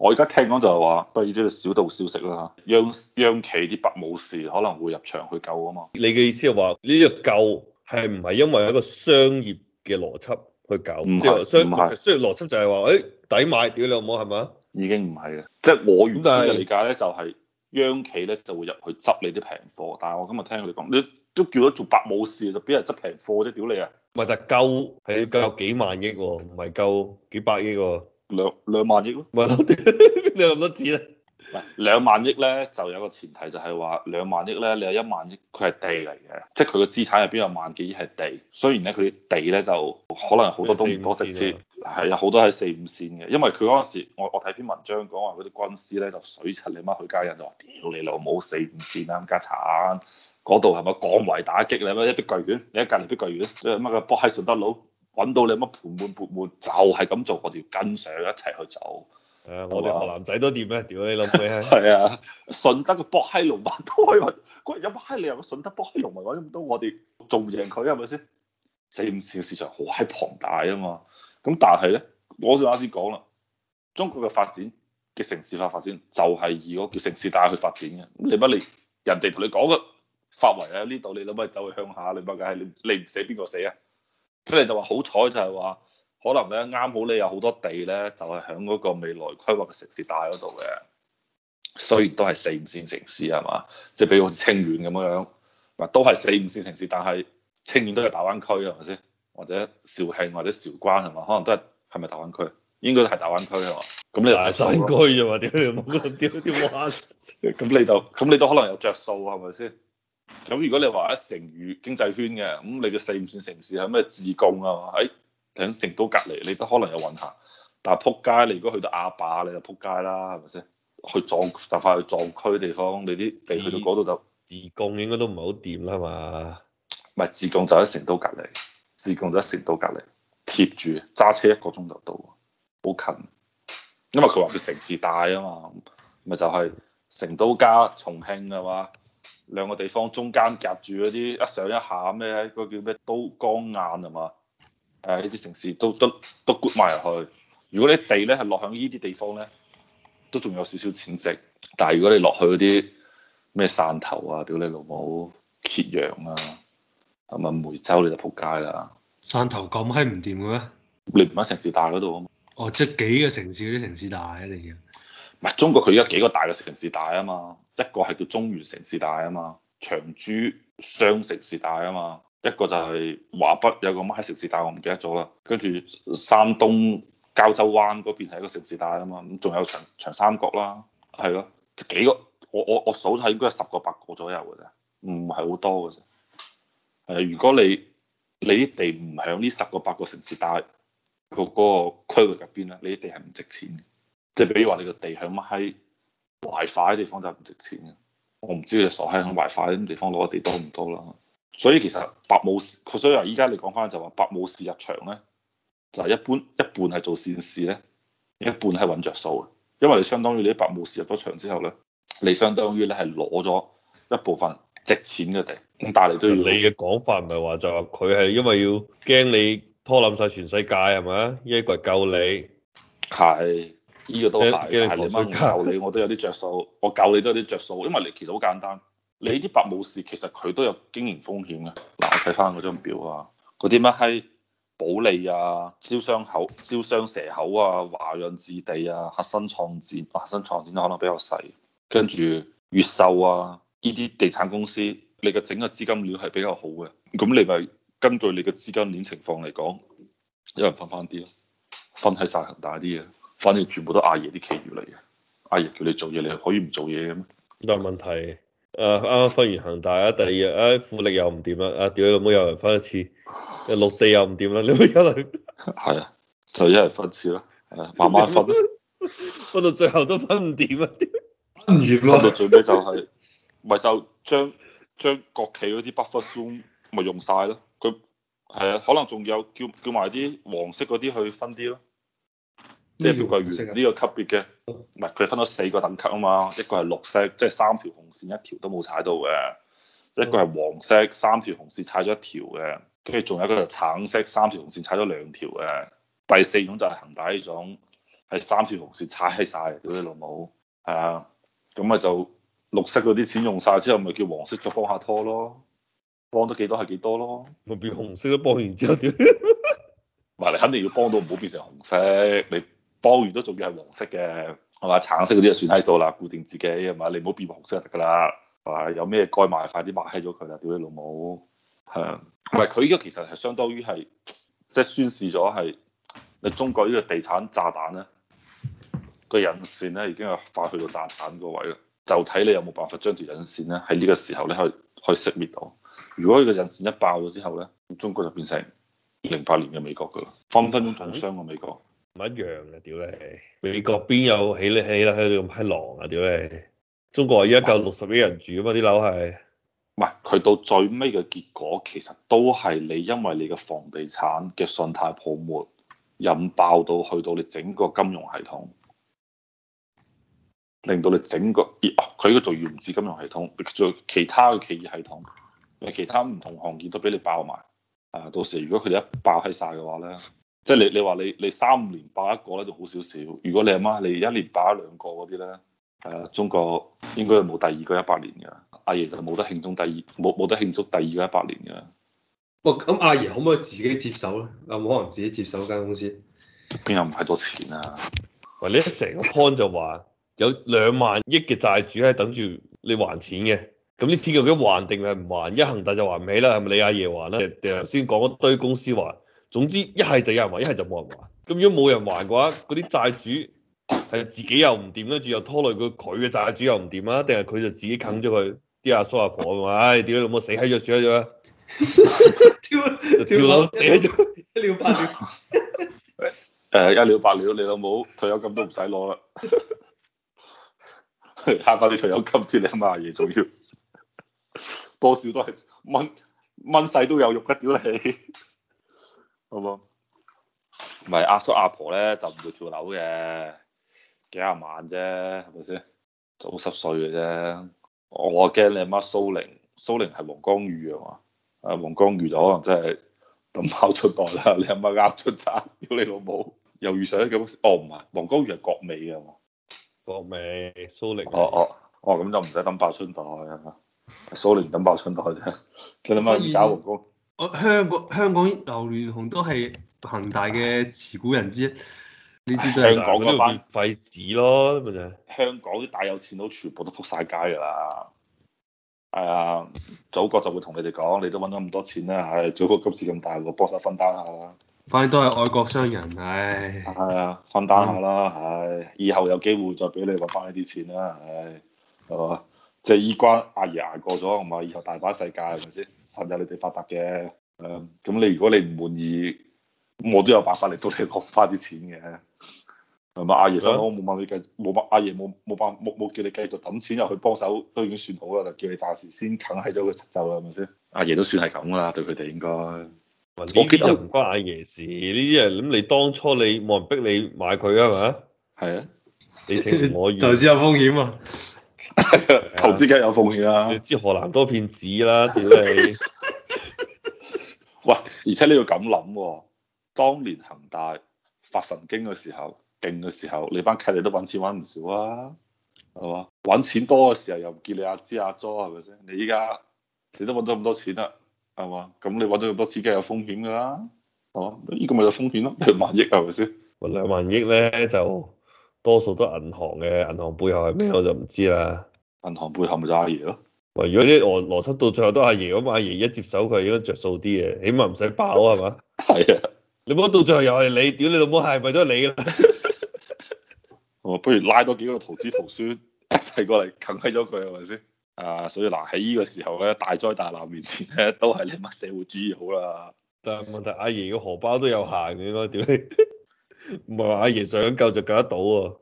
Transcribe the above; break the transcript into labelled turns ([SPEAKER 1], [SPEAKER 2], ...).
[SPEAKER 1] 我而家聽講就係話，不過呢啲小道消息啦嚇。央央企啲白武士可能會入場去救啊嘛。
[SPEAKER 2] 你嘅意思係話呢啲救係唔係因為一個商業嘅邏輯去搞？唔係唔係，商業邏輯就係話誒抵買，屌你老母係咪？已經唔係啦。即係我原先嘅理解咧，就係央企咧就會入去執你啲平
[SPEAKER 1] 貨。但係我今日聽佢哋講，你都叫咗做白武士，就邊係執平貨啫？屌你啊！唔係就救
[SPEAKER 2] 係要救幾萬億喎、啊，唔係救幾百億喎、啊。兩兩萬億咯、啊，咪咯，你有咁多錢咧？唔係兩萬億咧，就有一個前提就係話兩萬億咧，
[SPEAKER 1] 你有一萬億，佢係地嚟嘅，即係佢個資產入邊有萬幾億係地。雖然咧佢啲地咧就可能好多都唔多值錢，係啊，好多係四五線嘅、啊哎。因為佢嗰陣時，我我睇篇文章講話，嗰啲軍師咧就水柒你媽許家印就話：，屌你老母，四五線啊，咁家產，嗰度係咪降維打擊你咩？一碧桂園，你喺隔籬碧桂園，即係乜嘅博喺順德佬。搵到你乜盤滿缽滿就係、是、咁做，我哋要跟上一齊去做。誒吧，我哋河南
[SPEAKER 2] 仔都掂咩？屌你老母！係
[SPEAKER 1] 啊，順德個博閪農民都可以，嗰日有閪你又個順德博閪農民講咁多，我哋做唔贏佢係咪先？四五線市場好閪龐大啊嘛。咁但係咧，我先啱先講啦，中國嘅發展嘅城市化發展就係、是、以嗰個城市帶去發展嘅。咁你乜你人哋同你講個發圍喺呢度，你諗乜走去鄉下？你乜嘅你唔死邊個死啊？即係就話，好彩就係話，可能咧，啱好你有好多地咧，就係喺嗰個未來規劃嘅城市帶嗰度嘅，雖然都係四五線城市係嘛，即係比如好似清遠咁樣樣，嗱，都係四五線城市，但係清遠都係大灣區係咪先？或者肇慶或者韶關係嘛？可能都係係咪大灣區？應該都係大灣區係嘛？
[SPEAKER 2] 咁你大山區啫嘛，屌你冇咁屌屌話，咁你就咁 你都可能有
[SPEAKER 1] 着數係咪先？咁如果你話喺成渝經濟圈嘅，咁你嘅四五線城市係咩自貢啊？喺、哎、喺成都隔離，你都可能有運行。但係撲街，你如果去到阿壩，你就撲街啦，係咪先？去藏就快去藏區地方，你啲地去到嗰度就自，自
[SPEAKER 2] 貢應該都唔係好掂啦嘛。
[SPEAKER 1] 唔自貢就喺成都隔離，自貢就喺成都隔離貼住，揸車一個鐘就到，好近。因為佢話佢城市大啊嘛，咪就係、是、成都加重慶啊嘛。兩個地方中間夾住嗰啲一上一下咩咧？嗰個叫咩？都江堰啊嘛？係呢啲城市都都都 g 埋入去。如果你地咧係落響呢啲地方咧，都仲有少少潛值。但係如果你落去嗰啲咩汕頭啊、屌你老母揭陽啊，係咪梅州你就仆街啦？
[SPEAKER 2] 汕頭咁閪唔掂嘅
[SPEAKER 1] 咩？你唔喺城市大嗰度啊嘛？
[SPEAKER 2] 哦，即係幾個城市嗰啲城市大啊，你嘅？
[SPEAKER 1] 中國，佢而家幾個大嘅城市大啊嘛，一個係叫中原城市大啊嘛，長株湘城市大啊嘛，一個就係華北有個乜城市大我唔記得咗啦，跟住山東膠州灣嗰邊係一個城市大啊嘛，咁仲有長長三角啦，係咯，幾個我我我數咗應該有十個八個左右嘅啫，唔係好多嘅啫、呃，如果你你啲地唔喺呢十個八個城市大個嗰、嗰個區域入邊咧，你啲地係唔值錢嘅。即係，比如話你個地向乜閪懷化啲地方就唔值錢嘅。我唔知你傻閪向懷化啲地方攞地多唔多啦。所以其實白武士，所以話依家你講翻就話白武士入場咧，就係一般一半係做善事咧，一半係穩着數嘅。因為你相當於你啲白武士入咗場之後咧，你相當於咧係攞咗一部分值錢嘅地，
[SPEAKER 2] 咁但係你都要你嘅講法唔係話就話佢係因為要驚你拖冧晒全世界係咪，一個救你係。呢個都大嘅，但係你媽唔
[SPEAKER 1] 救你，我都有啲着數。 我教你都有啲着數，因為你其實好簡單。你呢啲白武士其實佢都有經營風險嘅。嗱，我睇翻嗰張表啊，嗰啲乜閪保利啊、招商口、招商蛇口啊、華潤置地啊、核心創展、核心創展都可能比較細。跟住越秀啊，呢啲地產公司，你嘅整個資金鏈係比較好嘅。咁你咪根據你嘅資金鏈情況嚟講，有人分翻啲咯，分喺晒恒大啲嘅。反正全部都阿爺啲企業嚟嘅，阿爺叫你做嘢，你可以唔做嘢嘅咩？
[SPEAKER 2] 但係問題。誒，啱啱分完恒大，第二日誒富力又唔掂啦，啊，屌你老母又嚟分一次，綠地又唔掂啦，你一嚟。係啊，就一輪分一次咯，慢慢分。分 到最後都分唔掂啊！分
[SPEAKER 1] 完咯。分到最尾就係、是，咪 就將將國企嗰啲 buffer 咪用晒咯。佢係啊，可能仲有叫叫埋啲黃色嗰啲去分啲咯。即係呢個級別嘅，唔係佢分咗四個等級啊嘛，一個係綠色，即係三條紅線一條都冇踩到嘅；一個係黃色，三條紅線踩咗一條嘅；跟住仲有一個就橙色，三條紅線踩咗兩條嘅。第四種就係恒大呢種，係三條紅線踩曬，屌你老母，係啊，咁咪就綠色嗰啲錢用晒之後，咪叫黃色再幫下拖咯，幫得幾多係幾多咯。
[SPEAKER 2] 咪變紅色都幫完之後，屌！
[SPEAKER 1] 唔係你肯定要幫到唔好變成紅色，你。鮑魚都仲要係黃色嘅，係嘛？橙色嗰啲就算閪數啦，固定自己係嘛？你唔好變紅色就得㗎啦，係有咩該賣快抹，快啲賣閪咗佢啦，屌你老母！係啊，唔係佢依家其實係相當於係，即係宣示咗係你中國呢個地產炸彈咧，個引線咧已經係快去到炸彈個位啦，就睇你有冇辦法將條引線咧喺呢個時候咧去去熄滅到。如果依個引線一爆咗之後咧，中國就變成零八年嘅
[SPEAKER 2] 美國㗎啦，分分鐘重傷過美國。唔一樣嘅，屌你！美國邊有起咧起啦起到咁閪狼啊，屌你！中國依家夠六十億人住啊嘛，啲樓係
[SPEAKER 1] 唔係？佢到最尾嘅結果其實都係你因為你嘅房地產嘅信貸泡沫引爆到去到你整個金融系統，令到你整個佢嘅做要唔止金融系統，仲有其他嘅企業系統，其他唔同行業都俾你爆埋啊！到時如果佢哋一爆喺晒嘅話咧。即係你你話你你三五年爆一個咧，就好少少，如果你阿媽你一年爆
[SPEAKER 2] 兩個嗰啲咧，
[SPEAKER 1] 誒、啊，中國應該冇第二個一百年嘅，阿爺就冇得慶祝第二冇冇得慶祝第二個一百年嘅。
[SPEAKER 2] 喂、哦，咁阿爺可唔可以自己接手咧？可、啊、唔可能自己接手間公司？邊有唔係多錢啊？喂，你成個 point 就話有兩萬億嘅債主喺等住你還錢嘅，咁呢次究竟還定係唔還？一恆大就還唔起啦，係咪你阿爺還咧？頭先講一堆公司還。總之一係就有人還，一係就冇人還。咁如果冇人還嘅話，嗰啲債主係自己又唔掂，跟住又拖累佢，佢嘅債主又唔掂啊？定係佢就自己啃咗佢啲阿叔阿婆啊？唉、哎，屌你老母死喺咗樹喺咗， 跳了跳樓了死咗了，一了百了。誒， 一了百了，你老母退休金都唔使攞啦，
[SPEAKER 1] 慳返啲退休金 treat 你阿媽嘢，仲要多少都係蚊，蚊細都有肉噶，屌你！ 係喎，唔係阿叔阿婆咧，就唔會跳樓嘅，幾廿萬啫，係咪先？都十歲嘅啫，我驚你阿媽蘇寧，蘇寧係黃光裕啊嘛，啊黃光裕就可能真係抌爆春袋啦，你阿媽啱出晒，屌你老母！又遇上咁，哦，唔係，黃光裕係國美啊嘛。國美蘇寧，哦哦哦，咁就唔使抌爆春袋啊，蘇寧抌爆春袋啫，你阿媽二打黃光。
[SPEAKER 2] 香港香港劉鑾雄都係恒大嘅持股人之一，呢啲都係香港嘅班廢子咯，
[SPEAKER 1] 香港啲大有錢佬全部都扑晒街噶啦，係、哎、啊，祖國就會同你哋講，你都揾到咁多錢啦，係祖國今次咁大，我幫手分擔下啦，反正都係愛國商人，唉、哎，係啊，分擔下啦，係、嗯，以後有機會再俾你揾翻呢啲錢啦，係，係即係依關阿爺挨過咗，同埋以後大把世界係咪先？趁日你哋發達嘅，咁你如果你唔滿意，我都有辦法嚟到你攞翻啲錢嘅。同埋阿爺，想以我冇問你繼冇問阿爺冇冇冇叫你繼續揼錢入去幫手，都已經算好啦。就叫你暫時先啃喺咗
[SPEAKER 2] 個七頭啦，係咪先？
[SPEAKER 1] 阿爺都算係咁噶啦，對佢哋應該。我覺
[SPEAKER 2] 得唔關阿爺事，呢啲人，咁你當初你冇人逼你買佢啊嘛？係啊，你請唔可以。投資有風險啊！啊、投資梗係有風險啦、啊，你知河南多騙子啦，屌你！喂， 而且你要咁諗、哦，
[SPEAKER 1] 當年恒大發神經嘅時候，勁嘅時候，你班契弟都搵錢搵唔少啊，係嘛？搵錢多嘅時候又唔見你阿支阿咗係咪先？你依家你都搵到咁多錢啦，係嘛？咁你搵到咁多錢梗係有風險噶啦，係嘛？呢、這個咪有
[SPEAKER 2] 風險咯，兩萬億係咪先？兩萬億咧就多數都係銀行嘅，銀行背後係咩我就唔知啦。銀行背後咪就阿爺咯，喂，如果啲邏邏輯到最後都阿爺咁，阿爺一接手佢應該着數啲嘅，起碼唔使爆係嘛？係 是啊，你冇到最後又係你，屌你老母係咪都係你啦？哦， 不如拉多
[SPEAKER 1] 幾個徒子徒孫 一齊過嚟啃起咗佢係咪先？啊，所以嗱喺呢個時候咧，
[SPEAKER 2] 大災大難面前咧，都係你乜社會主義好啦。但係問題阿爺嘅荷包都有限嘅，應該屌你，唔係話阿爺想救就救得到啊。